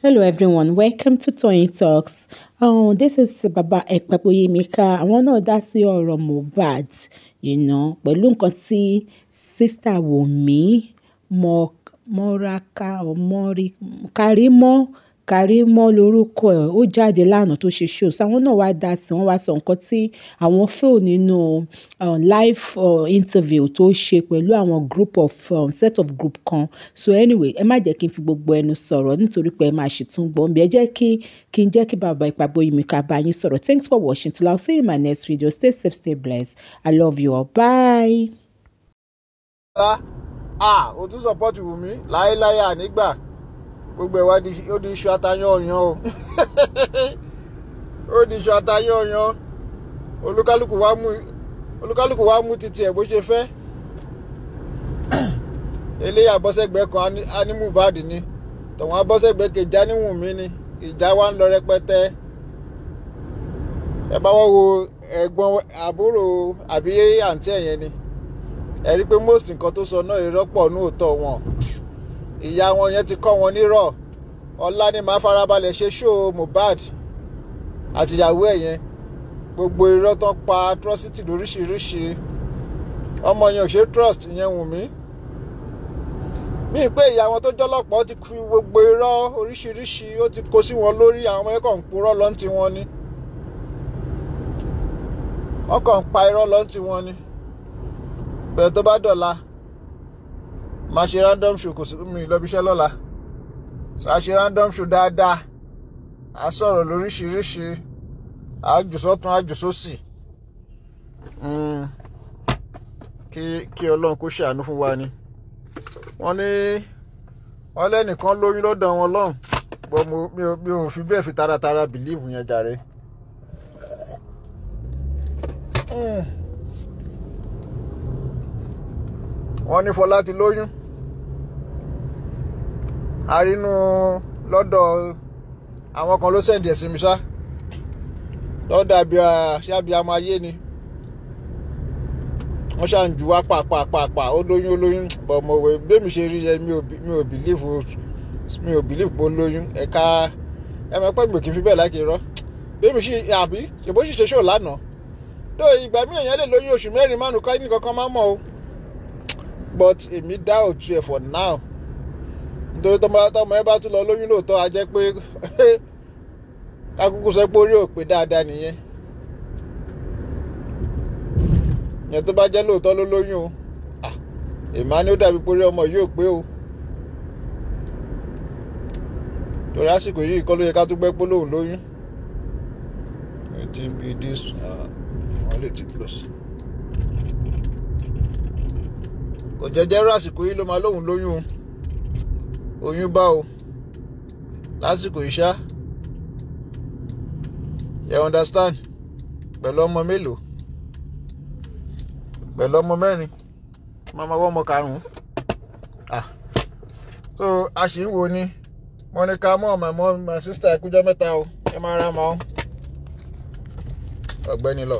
Hello everyone, welcome to Toyeen Talks. Oh, this is Baba Ekpaboyimika. Àwọn náà dá sí ọ̀rọ̀ Mohbad, you know, pẹ̀lú nǹkan tí sister Wunmi Moraka or Mori Karimo Karimo lorúkọ ẹ̀ ó jáde lánàá tó ṣe show so àwọn náà wá dá sí wọ́n wá sọ nǹkan tí àwọn feel nínú uh, live uh, interview tó ṣe pẹ̀lú àwọn group of um, set of group kan so anyway ẹ má jẹ́ kí n fi gbogbo ẹnu sọ̀rọ̀ nítorí pé ẹ máa ṣì tún gbọ́n bí ẹ jẹ́ kí kí n jẹ́ kí bàbá Ìpàgboyèmí ká bá yín sọ̀rọ̀ thanks for watching till I'll see you in my next video stay safe stay blessed I love you all bye. ah ah, o tún support Wùmí láéláé ànígbà gbogbo ẹ̀ wá ó di iṣu atayán ọ̀yàn o ó di iṣu atayán ọ̀yàn olúkálùkù wá mú olúkálùkù wá mú títí ẹ̀ bó ṣe fẹ́ eléyà bọ́sẹ̀gbẹ́ kan animubad ni tọ̀wọ́n abọ́sẹ̀gbẹ́ kejì aníwùmí ni ìjà wa ń lọ rẹpẹtẹ ẹ bá wọ́n wo ẹ̀gbọ́n àbúrò àbí àǹtí ẹ̀yẹn ni ẹ rí i pé most nǹkan tó sọ náà irọ́ pọ̀ ní òótọ́ wọn ìyá wọn yẹn ti kọ́ wọn nírọ̀ ọ̀la ni màá farabalẹ̀ ṣe ṣó Mohbad àtìyàwó ẹ̀ yẹn gbogbo irọ́ tán pa atrocity lóríṣiríṣi ọmọ yẹn ò ṣe trust ìyẹn wù mí mí pé ìyá wọn tó jọlọ́pọ̀ ti fi gbogbo irọ́ oríṣiríṣi ó ti kó sí wọn lórí àwọn ọmọ ẹ̀kọ́ ń purọ́ lọ́ntì wọn ni wọ́n kàn ń pa irọ́ lọ́ntì wọn ni bẹ̀rẹ̀ tó bá dọ̀la máa ṣe random show kò sí mi lọ́bíṣẹ́ lọ́la so a ṣe random show dáadáa a sọ̀rọ̀ lóríṣiríṣi a jù sọ́tún a jù sósì hmm. kí kí ọlọ́run kó ṣàánú fún wa ni wọ́n ní wọ́n lẹ́nìkan lóyún lọ́dọ̀ wọn lọ́hùn bọ́ mi ò fi bẹ́ẹ̀ fi taratara bìlíìfù yẹn jàre. Hmm. wọ́n ní Fọlá ti lóyún arínú lọ́dọ̀ àwọn kan ló sẹ̀dí ẹ̀sìn mi sá lọ́dọ̀ abia ṣé abiamọ ayé ni wọ́n ṣáà ń ju wá pàápàá ó lóyún ó lóyún bọ̀ mo wẹ̀ bẹ́ẹ̀ mi ṣe rí yẹ mi ò bìlífù mi ò bìlífù pé ó lóyún ẹ̀ka ẹ̀mọ́ pẹ́ gbòkè fi bẹ́ẹ̀ láì kí rọ́ bẹ́ẹ̀ mi ṣe àbí ṣèbó ṣì ṣe ṣó lánàá tó ìgbà míì èèyàn lè lóyún oṣù mẹ́rin márùn-ún káyọ̀ nìkan kan máa mọ̀ o but èmi dá òtún ẹ̀ for now nítorí tọmọ ẹ bá tún lọ lóyún lóòótọ́ a jẹ́ pé kakúkú sọ pé orí ò dáadáa nìyẹn yẹn tó bá jẹ́ lóòótọ́ ló lóyún o ah, èmá ni ó dàbí pé orí ọmọ yìí ò pé o torí àsìkò yìí kọ́ ló yẹ ká tó gbẹ́ pé lóun lóyún eighteen bíi dis one eighty plus kò jẹ́ jẹ́rú àsìkò yìí ló máa lóun lóyún o oyún bá o lásìkò ìṣá you understand pẹ̀lú ọmọ mélòó pẹ̀lú ọmọ mẹ́rin Mama wọ́n ọmọ karùn-ún ah so a sì ń wo ni mo ní ká mọ́ my mom my sister ẹ̀kújọ́ mẹ́ta o ẹ máa ra mọ́ ọ̀gbẹ́ni lọ.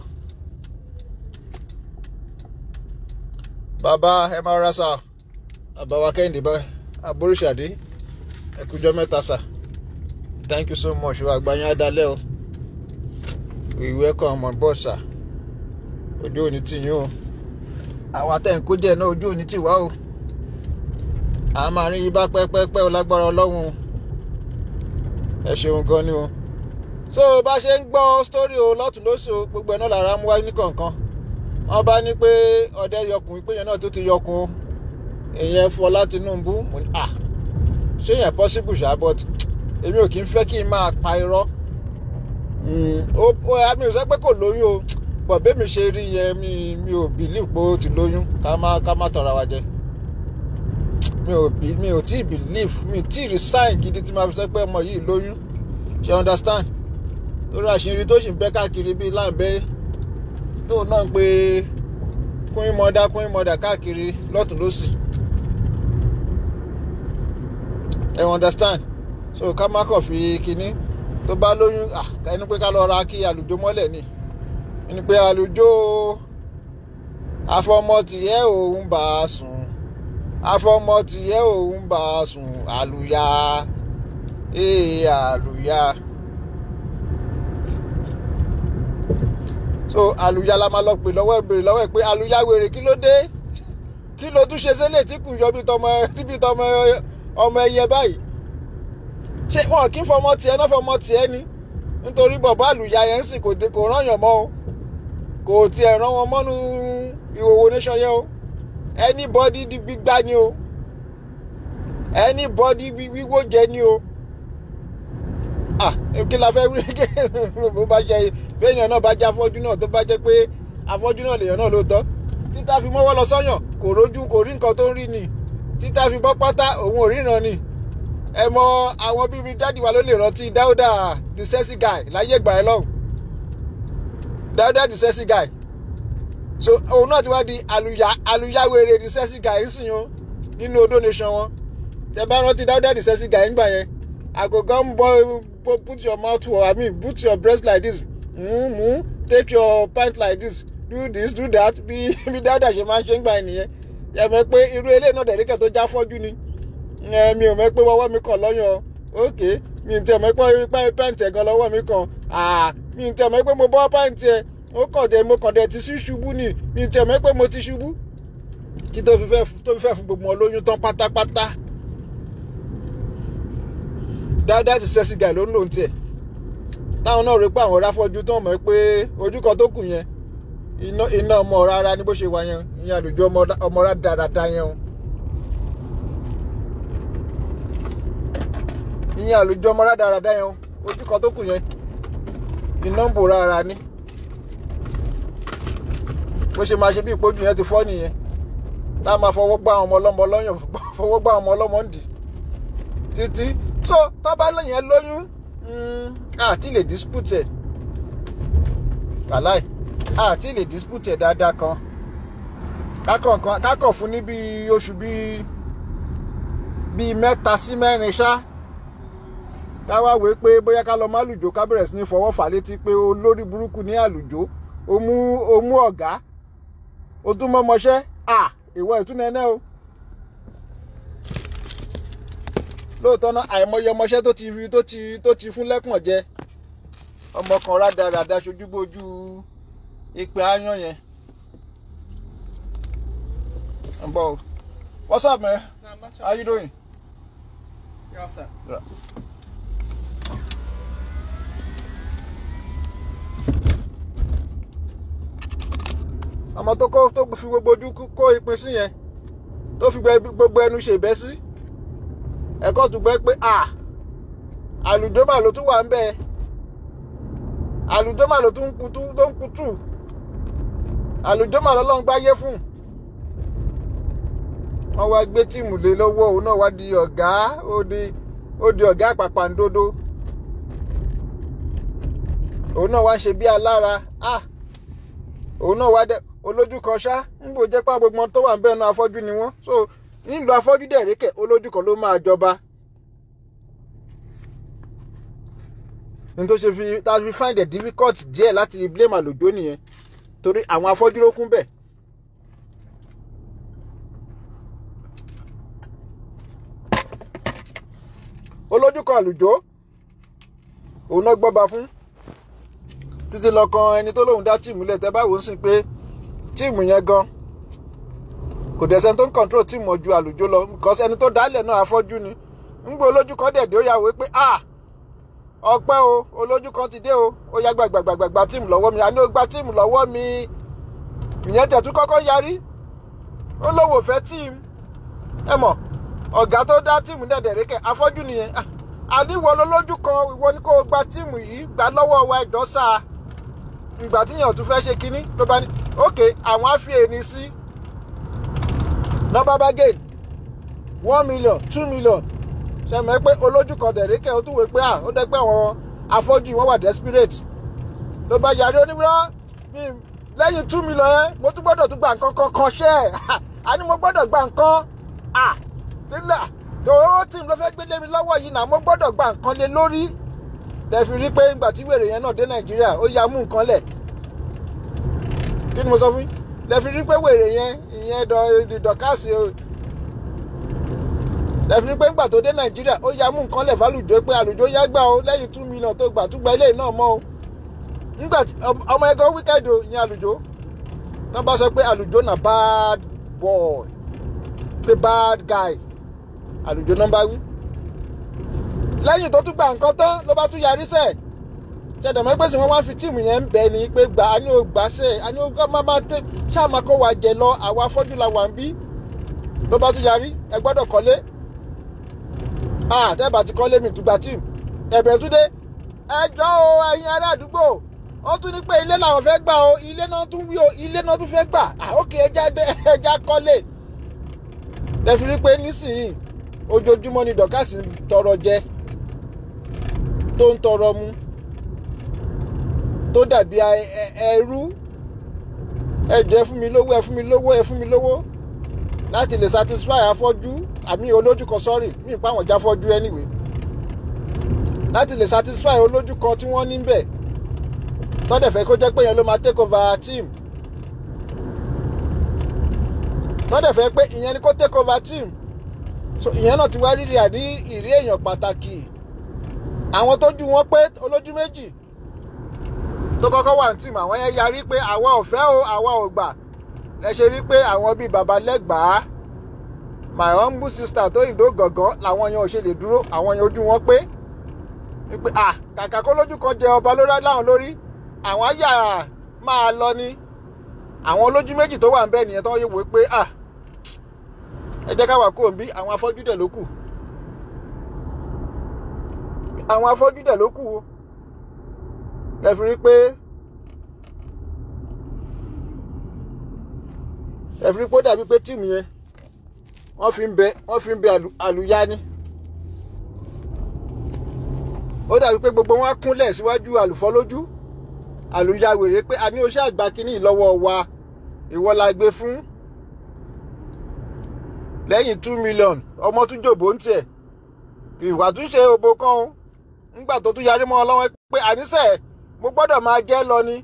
bàbá ẹ máa ra sáà àbáwá kẹ́hìndé báyìí aboríṣàdé ẹkújọ́ mẹ́ta sà thank you so much wa àgbáyé adalẹ́ o we welcome on board sà ojú òní tì yín o àwọn atẹ́ǹkó jẹ́ náà ojú òní tì wá o a máa rí yín bá pẹ́pẹ́pẹ́ o lágbára ọlọ́run ẹ ṣeun gan ni o so bá ṣe ń gbọ́ sítórì o lọ́tún lóṣù gbogbo ẹ̀ náà lára mú wáyé ní kọ̀ọ̀kan wọ́n bá ní pé ọ̀dẹ́ yọkùn ìpéyàn náà tó ti yọkùn o ìyẹn Fọlá Tinubu ah, ṣé yẹn possible ṣá but èmi ò kì í fẹ́ kí n máa pa irọ́ hmm, ó àmì ò sọ pé kò lóyún o pọ̀ bẹ́mi ṣe rí yẹn mi mi ò bìlíì pé ó ti lóyún ká má ká má tọra wa jẹ mi ò bí mi ò tí ì bìlíì mi ò tí ì rí sign gidi tí ma fi sọ pé ọmọ yìí lóyún ṣe understand torí àṣírí tó sì ń bẹ́ káàkiri bíi láǹbẹ́ tóun náà ń pe kúnyìn mọ́dá káàkiri lọ́tún lọ́sì ẹ understand so ká má kàn fi kinní tó bá lóyún ẹni pé ká lọ ra kí àlùjọ mọ́lẹ̀ ni ẹni pé àlùjọ afọmọ tìyẹ òun bá a sùn afọmọ tìyẹ òun bá a sùn àlùyà ee àlùyà so àlùyà la máa lọ pè lọ́wọ́ ẹ̀ bèrè lọ́wọ́ ẹ̀ pé àlùyà wèrè kí ló dé kí ló tún ṣe ṣẹlẹ̀ tí kù yọ bí tọmọ bí tọmọ ọmọ ẹyẹ báyìí ṣé wọn kì í fọmọ tiẹ̀ náà fọmọ tiẹ̀ ni nítorí bọ̀bá àlùyá yẹn sì kò kò rán yàn mọ́ o kò tiẹ̀ rán wọn mọ́nú ìhòòhò nation yẹn o anybody di gbígbá ni o anybody wíwó jẹ ni o ah kí la fẹ́ wí kí bó bá jẹ béèyàn náà bá jẹ afọ́jú náà tó bá jẹ pé afọ́jú náà lèèyàn náà ló tọ́ títà fi mọ́wọ́ lọ sọ́yàn kò rójú kò rí nǹkan tó ń rí ni títa fi bọ́ pátá òun ò ríran ni ẹ mọ àwọn bíbí dádì wa ló lè rántí dáúdà the sexy guy láyé ìgbà ẹ lọ́hùn dáúdà the sexy guy so òun náà ti wá di àlùyá àlùyáwèrè the sexy guy sì yan nínú odó nation wọn tẹ bá rántí dáúdà the sexy guy ńgbà yẹn àgògá ń bọ put your mouth for i mean put your breast like this mú mú take your pint like this do this do that bí bí dáúdà ṣe máa ń ṣe ń gbà yẹn nìyẹn ẹ mọ̀ pé irú eléyìí náà dẹ̀ríkẹ̀ tó já fọ́jú ni mi ò mọ̀ pé wọ́wọ́ mi kàn lọ́yàn ok mi ò tẹ̀ mọ̀ pé ipá pẹ́ǹtì ẹ̀gan lọ́wọ́ mi kàn mi ò tẹ̀ mọ̀ pé mo bọ́ pẹ́ǹtì ẹ̀ ó kàn dé mo kàn dé ti sí ṣubú ni mi ò tẹ̀ mọ̀ pé mo ti ṣubú tí tó fi fẹ́ fún gbogbo wọn lóyún tán pátápátá dáadáa ti sẹ́sì gà ló ń lò ń tiẹ̀ táwọn náà rí pé àwọn ráfọ́jú tán mọ̀ pé ojú kan tó kù yẹn iná iná ọmọ rárá ní bó ṣe wà yẹn ìyẹn àlùjọ ọmọ rárá dáadáa yẹn o ìyẹn àlùjọ ọmọ rárá dáadáa yẹn o ojú kan tó kù yẹn iná ń bò rárá ní bó ṣe máa ṣe bí ìpọ́jù yẹn ti fọ́ nìyẹn tá a máa fọwọ́ gbá ọmọ ọlọ́mọ lọ́yàn fọwọ́ gbá ọmọ ọlọ́mọ ń dì títí so tó bá lẹ́yìn ẹ lóyún àti hmm, lè dispute ẹ̀ wàláì àti lè dispute ẹ̀ dáadáa kan kákọ̀ fún ní bíi oṣù bíi bíi mẹ́ta sí mẹ́rin ṣá ká wá wé pé bóyá ká lọ má lùjó ká bẹ̀rẹ̀ sí ní fọwọ́ fà létí pé olórí burúkú ní àlùjó ó mú ó mú ọ̀gá ó tún mọ́mọṣẹ́ à ìwọ ìtúnẹ̀ẹ́nẹ́ o lóòótọ́ náà àìmọye ọmọṣẹ́ tó ti rí tó ti tó ti fún lẹ́kùn jẹ ọmọ kan rádaràda ṣojúgbójú ìpè aáyán yẹn ń bọ̀ o what's up man how you doing. Yeah, sir. Yeah. àmọ́ tó kọ́ tó fi gbogbo ojú kó ìpín sí yẹn tó fi gbogbo ẹnu ṣèbẹ́ sí ẹ̀kọ́ tó gbẹ́ pé à ah, àlùdómà ló tún wà ń bẹ́ẹ̀ àlùdómà ló tún ń kutú tó ń kutú àlùjọ́mọ̀ lọ́lọ́run gbáyé fún wọ́n wá gbé tíìmù lé lọ́wọ́ òun náà wá di ọ̀gá ó di ó di ọ̀gá àpàpàǹdodo òun náà wá ṣe bí alára òun náà wá dẹ olójú kan ṣá ń jẹ́ pé gbogbo tó wà bẹ́ẹ̀ náà afọ́jú ni wọ́n so nílùú afọ́jú dẹ̀ rékẹ̀ olójú kan ló máa jọba. ní tó ṣe fi tá fi find it difficult díẹ̀ láti blame àlùjọ nìyẹn torí àwọn afọ́jú ló kún bẹ́ẹ̀. olójú kan àlùjọ òun náà gbọ́ba fún títí lọ kan ẹni tó lóun dá tíìmù lẹ̀ tẹ́ báwo ń sìn pé tíìmù yẹn gan kò dẹ̀sẹ̀ tó ń kọ̀ńtró tíìmù ọ̀jù àlùjọ lọ because ẹni tó dálẹ̀ náà afọ́jú ni ń gbé olójú kan dẹ̀dẹ̀ ó yà wé pé ah ọpẹ́ o olójú kan ti dé o ó yá gbàgbàgbàgbà tíìmù lọ́wọ́ mi àní ó gba tíìmù lọ́wọ́ mi ìyẹn tẹ̀tú kọ́kọ́ yarí ó lówó fẹ́ tíìmù ẹ mọ̀ ọ̀gá tó dá tíìmù dẹ̀dẹ̀rẹ́ kẹ̀ afọ́jú nìyẹn àníwọ̀ ah, lọ́lójú kan ìwọ ni kò gba tíìmù yìí gbà lọ́wọ́ wa ẹ̀dọ́ sáà ìgbà tíyàn tún fẹ́ ṣe kínní ló bá ní ok àwọn á fi èyí sí nọ́bàbà one million two million ṣẹmẹ pé olójú kan dẹ̀ríkẹ̀ ó tún wé pé à ah, ó dẹ́ pé àwọn afọ́jú wọn wà desperate ló bá yarí onímọ̀ mi lẹ́yìn two million ẹ́ mo tún gbọ́dọ̀ tún gba nǹkan kankan ṣẹ́ ẹ̀ a ní mo gbọ́dọ̀ gba nǹkan à nílà tòwó tí mo fẹ́ gbélé mi lọ́wọ́ yìí náà mo gbọ́dọ̀ gba nǹkan lé lórí lẹ́fi rí pé ńgbà tí wèrè yẹn náà dé nàìjíríà ó ya mú nǹkan lẹ̀ kí ni mo sọ fún yín lẹ́fi rí pé wèrè yẹn ìyẹn dọ̀kásì lẹ́fìní pé ńgbà tó dé nàìjíríà ó ya mú nǹkan lẹ̀ fálùjọ pé àlùjọ yá gbà ó lẹ́yìn two million tó gbà túgbà ilé náà mọ́ o nígbà ọmọ ẹgbẹ́ wicked o àlùjọ náà bá sọ pé àlùjọ na bad boy pé bad guy àlùjọ náà bá wí lẹ́yìn tó tún gba nǹkan tán ló bá tún yarí sẹ́ẹ̀ tẹ̀dọ̀mọ́ pèsè wọn wá fi tíìmù yẹn ń bẹ ni pé gbà á ní o gbà ṣe á ní o gbà má má tẹ ṣáà má kó wa jẹ lọ àwa afọ́jú la wà ń bí ló bá tún yarí ẹ gbọ́dọ̀ kọ́lé àtẹ́bà ah, ti kọ́lé mi dùgbà tí ẹ̀bẹ̀ tún dé ẹjọ́ o ẹ̀yin ará àdúgbò ó tún ní pé ilé làwọn fẹ́ gbà o ilé náà tún wí o ilé náà tún fẹ́ gbà àókè ẹja ẹja kọ́lé tẹ̀sí rí pé nísìnyí ojoojúmọ́ ni dọ̀kásì ń tọrọ jẹ tó ń tọrọ mu tó dàbí ẹrú ẹjọ́ ẹ fún mi lówó ẹ fún mi lówó ẹ fún mi lówó láti lè satisfy afọ́jú àmì olójú kan sọ́rí mí pa àwọn jáfọ́jú anyway láti lè satisfy olójú kan tí wọ́n ní bẹ̀ tọ́dẹ̀ fẹ́ kó jẹ́ pé yẹn ló máa take over team tọ́dẹ̀ fẹ́ pé ìyẹn ni kó take over team so ìyẹn náà ti wá rírì àní ìrí èèyàn pàtàkì àwọn tójú wọn pé olójú méjì tó kọ́kọ́ wà ní tìmù àwọn yẹn yarí pé àwa ò fẹ́ o àwa ò gbà lẹ ṣe rí pé àwọn bíi baba lẹ́gbàá my humble sister tó ìdó gàngán làwọn yẹn ò ṣe lè dúró àwọn yẹn ojú wọn pé pé à kàkà kó lójú kan jẹ ọba lórí láwọn lórí àwọn àyà máa lọ ni àwọn olójú méjì tó wà ń bẹ́ẹ̀ nìyẹn tó yẹ wò pé à ẹ jẹ́ káwà kó bí àwọn afọ́jú dẹ̀ ló kù àwọn afọ́jú dẹ̀ ló kù o ẹ fi rí pé ẹ fi rí pé ó dàbí pé tíìmù yẹn wọ́n fi ń bẹ wọ́n fi ń bẹ àlùyá ni ó dàbí pé gbogbo wọn á kúnlẹ̀ síwájú àlùfọ́ lójú àlùyá wèrè pé a ní oṣù àgbà kínní lọ́wọ́ wa ìwọ la gbé fún lẹ́yìn two million ọmọ tún jòbó ń tiẹ̀ ìwà tún ṣe òbò kan o ńgbà tó tún yarí mọ́ ọ lọ́wọ́ pé àníṣe mo gbọ́dọ̀ máa jẹ́ lọ ni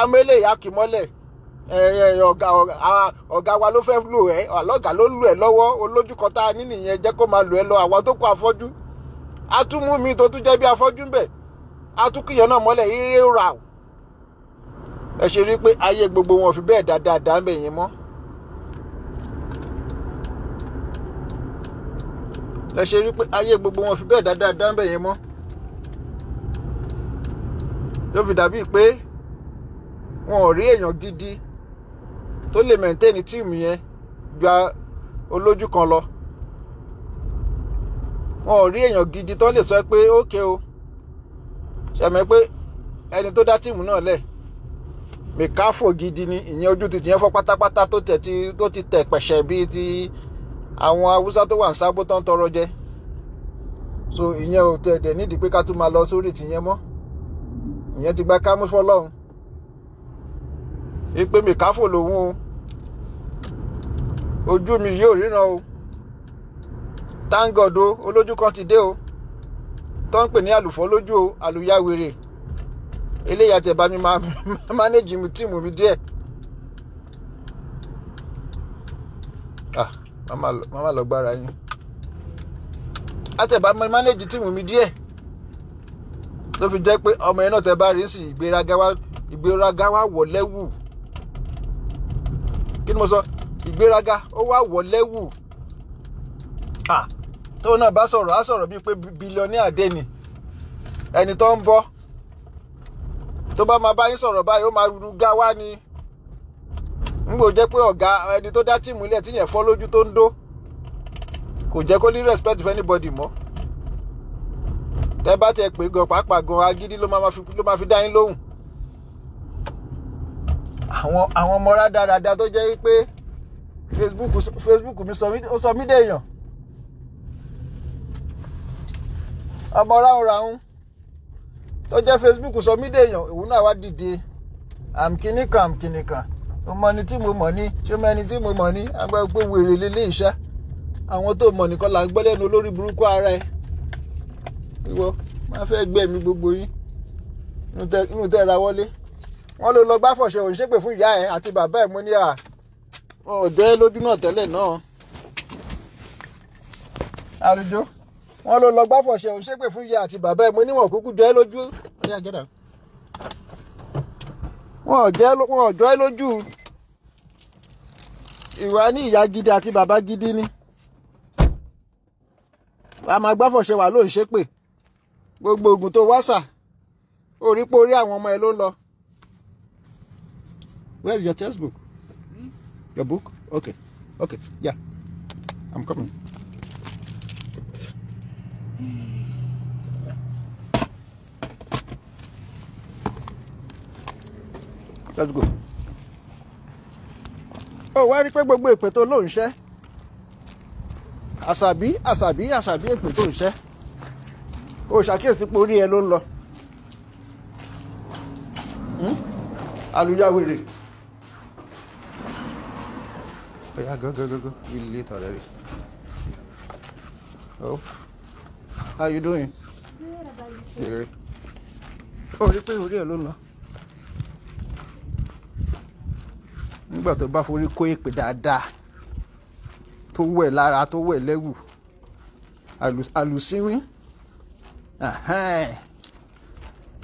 amélé ìyá kìmọ́lẹ̀ ọ̀gá ọ̀gá wa ló fẹ́ lò ẹ́ àlọ́gà ló lù ẹ́ lọ́wọ́ olójú kan tá a ní nìyẹn jẹ́ kó máa lò ẹ́ lọ àwa tó kó afọ́jú a tún mi tó tún jẹ́ bí afọ́jú ń bẹ̀ a náà mọ́lẹ̀ eré rà ó ẹ ṣe rí i pé ayé gbogbo wọn fi bẹ́ẹ̀ dáadáa ń bẹ̀ yẹn mọ́. ẹ ṣe rí pé ayé gbogbo wọn fi bẹ́ẹ̀ dáadáa dáńbẹ̀ yẹn mọ́ ló fi dàbí pé wọn ò rí èèyàn gidi tó lè maintain tíìmù yẹn gba olójú kan lọ wọn ò rí èèyàn gidi tó lè sọ pé ókè o ṣàmì pé ẹni tó dá tíìmù náà lẹ̀ mìkáfò gidi ni ìyẹn ojú ti tìyẹn fọ́ pátápátá tó tẹ̀ ti tó ti tẹ̀ pẹ̀ṣẹ̀ bíi ti àwọn haúsá tó wà ń sábó tó ń tọrọ jẹ so ìyẹn ò tẹ̀ dẹ̀ nídìí pé ká tún máa lọ sórí tìyẹn mọ́ ìyẹn ti gba kámú fọlọ́run ìpè mìkáfò lòun o ojú mi yóò ríran o thank God o olójú kan ti dé o tó ń pè ní àlùfọ́ lójú o àlùyáwèrè eléyà tẹ̀ bá mi máa mánéjì tíìmù mi díẹ̀. ah màmá lọ gbára yín àtẹ̀bá mi manage tíìmù mi díẹ̀ ló fi jẹ́ pé ọmọ yẹn náà tẹ bá rí sí ìgbéraga wá ìgbéraga kí ni mo sọ ìgbéraga ó wá wọlé wù tóun náà bá sọ̀rọ̀ á sọ̀rọ̀ bíi pé bílíọ̀nì àdé ni ẹni tó ń bọ́ tó bá máa bá yín sọ̀rọ̀ báyìí ó máa ru ga wá ni ngbò jẹ́ pé ọ̀gá ẹni tó dá tíìmù ilẹ̀ tíyẹn fọ́ lójú tó ń dó kò jẹ́ kó ní respect for anybody mọ́ tẹ́ bá tẹ pé gan pàápàá gan agídí ló máa fi dá yín lóhùn àwọn ọmọ rádaràda tó jẹ́ pé Facebook Facebook mi sọ mí ó sọ mí dèèyàn ọmọ tó jẹ́ Facebook sọ mí dèèyàn òun náà wá dìde àmkíní kan àmkíní kan mo mọ ẹni tí mo mọ̀ ní ṣé mo ẹni tí mo mọ̀ ní agbá pé wèrè lélé iṣẹ́ àwọn tó mọ̀ nìkan là ń gbọ́ lẹ́nu olórí burúkú ara ẹ̀ ìwọ máa fẹ́ gbẹ̀mí gbogbo yín inú tẹ́ ra wọlé wọ́n ló lọ gbáfọ̀ṣẹ́ òun ṣépè fún ìyá ẹ̀ àti bàbá ẹ̀ mo ní à ọjọ́ ẹ lójú náà tẹ́lẹ̀ náà àrùjọ wọn ló lọ gbáfọ̀ṣẹ́ òun ṣépè fún ìyá àti bàbá ẹ mo níwọ̀n kúkú jọ ẹ lójú ọyá jẹ́dà wọn ọjọ́ ẹ lójú ìwà ní ìyá gidi àti bàbá gidi ni wàá máa gbáfọ̀ṣẹ́ wà ló ń ṣépè gbogbo oògùn tó wáṣà orí pé orí àwọn ọmọ ẹ ló lọ where is your textbook? Your book? Okay. Okay. Yeah. I'm coming. Let's go. Oh, why rí pé gbogbo èpè tó ló Asabi, Asabi, Asabi, àṣàbí àṣàbí èpè tó ń ṣẹ́. Ó ṣàkíyèsí pé orí ẹ ló ń lọ. Àlùyáwèrè. Hmm? Oh yeah, go, go, go, go. We late already. Oh. How you doing? Good, yeah. Oh, you play orí ẹ̀ ló lọ. Nígbà tó bá forí kó èpè dáadáa tó wẹ̀ lára tó wẹ̀ lẹ́wù àlùsíwín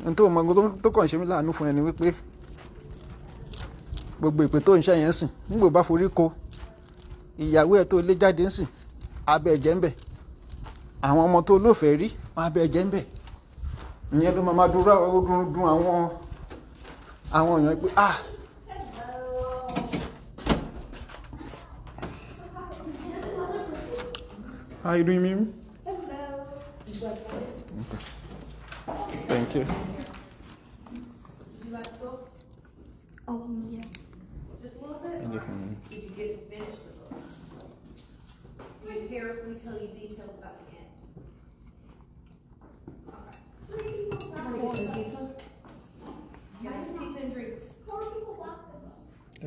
n tó mọ tó kàn ṣe mí láàánú fún ẹni wípé gbogbo èpè tó ń ṣe yẹn sìn nígbà bá forí kó ìyàwó ẹ̀ tó lé jáde ń sìn abẹ́ ẹ̀jẹ̀ ń bẹ̀ àwọn ọmọ tó lófẹ̀ẹ́ rí wọn abẹ́ ẹ̀jẹ̀ ń bẹ̀ ìyẹn ló máa dún dún àwọn àwọn èèyàn pé ah Hi, Rimi. Hello. Thank you.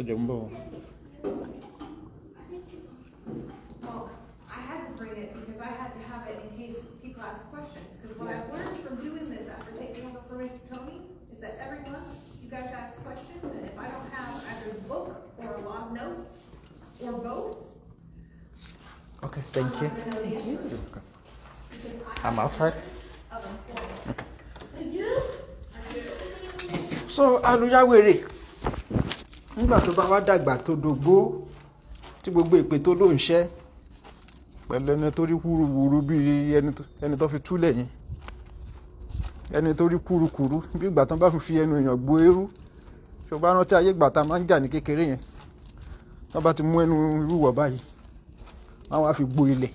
jumbo. Well, I had to bring it because I had to have it in case people ask questions. Because what I've learned from doing this after taking over for Mr. Tony is that every month you guys ask questions, and if I don't have either a book or a lot of notes or both, Okay, thank you. Thank you. Okay. I'm outside. Okay. So, Anuya Wiri. nígbà tó bá wá dàgbà tó dògbó tí gbogbo èpè tó ló ń ṣẹ́ pẹ̀lú ẹni tó rí wúruwúru bí ẹni tó fi túlẹ̀ yẹn ẹni tó rí kúrukùru bí ìgbà tán bá fi ẹnu èèyàn gbó eérú tó bá rántí ayé ìgbà tá a máa ń jà ní kékeré yẹn tán bá ti mú ẹnu irú wọ̀ báyìí wọ́n wá fi gbó ilẹ̀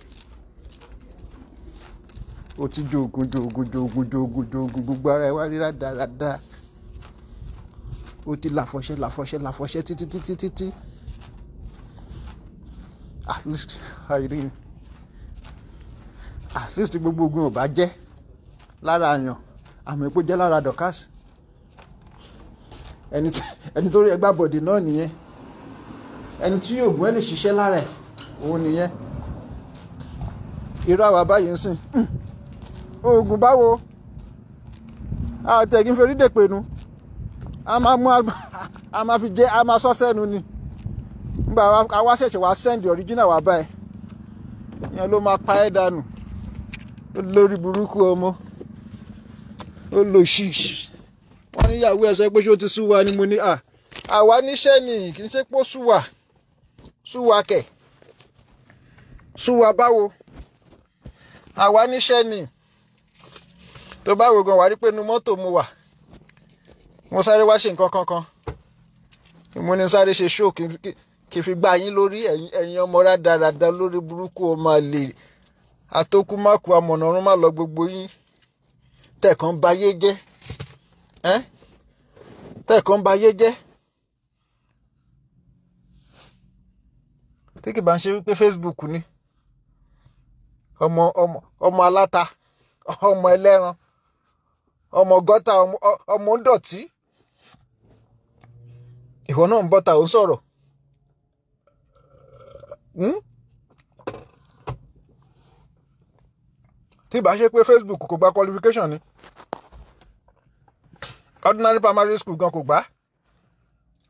ó ti jogun jogun jogun jogun jogun gbogbo ara ẹ wá rí rádaràda ó ti làfọṣẹ làfọṣẹ làfọṣẹ títí títí títí at least irene at least gbogbo ogun ò bá jẹ́ lára àyàn àmọ́ epo jẹ́ lára dorcas ẹni tó rí ẹgbà bọ̀dì náà nìyẹn ẹni tí oògùn ẹ lè ṣiṣẹ́ lára ẹ̀ òun nìyẹn irú àwa báyìí ń sìn oògùn báwo àtẹ̀gínfẹ́rí dèpẹ̀nu. a ma I'm a sorcerer nuni. Mba I was search was send the original wa buy. Yan lo ma pa danu. Lori buruku omo. O lo shish. Won ni ya we so pe so ti suwa ni ni ah. A awa ni se ni kin suwa. Suwa ke. Suwa bawo. A wa ni se ni. To bawo moto mo wa. mo sáré wá ṣe nǹkan kankan mo ní sáré ṣe ṣó kì í fi gbá yín lórí ẹ̀yin ọmọ rádaràda lórí burúkú ọmọ àlè àtòkù má ku amọ̀nà ọ̀run má lọ gbogbo yín tẹ̀kàn bayé jẹ́ ẹ́ tẹ̀kàn bayé jẹ́. tí bá ń ṣe wípé Facebook ni ọmọ ọmọ ọmọ aláta ọmọ ẹlẹ́ran ọmọ gọ́tà ọmọ ọmọ ń dọ̀tí ìwọ náà ń bọ́ta ò ń sọ̀rọ̀ hmm? tí ìbá ṣe pé Facebook kò gba qualification ni ordinary primary school gan kò gbà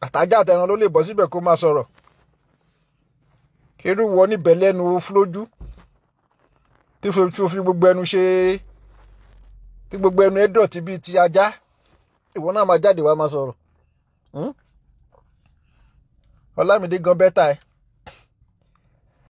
àtàjà àtẹran ló lè bọ́ síbẹ̀ kó máa sọ̀rọ̀ kérú wọ níbẹ̀ lẹ́nu fúlójú tí o fi gbogbo ẹnu ṣe tí gbogbo ẹnu ẹ dọ̀tí bíi ti ajá ìwọ náà máa jáde wá máa sọ̀rọ̀. Hmm? ọlámídé gan bẹ́tà ẹ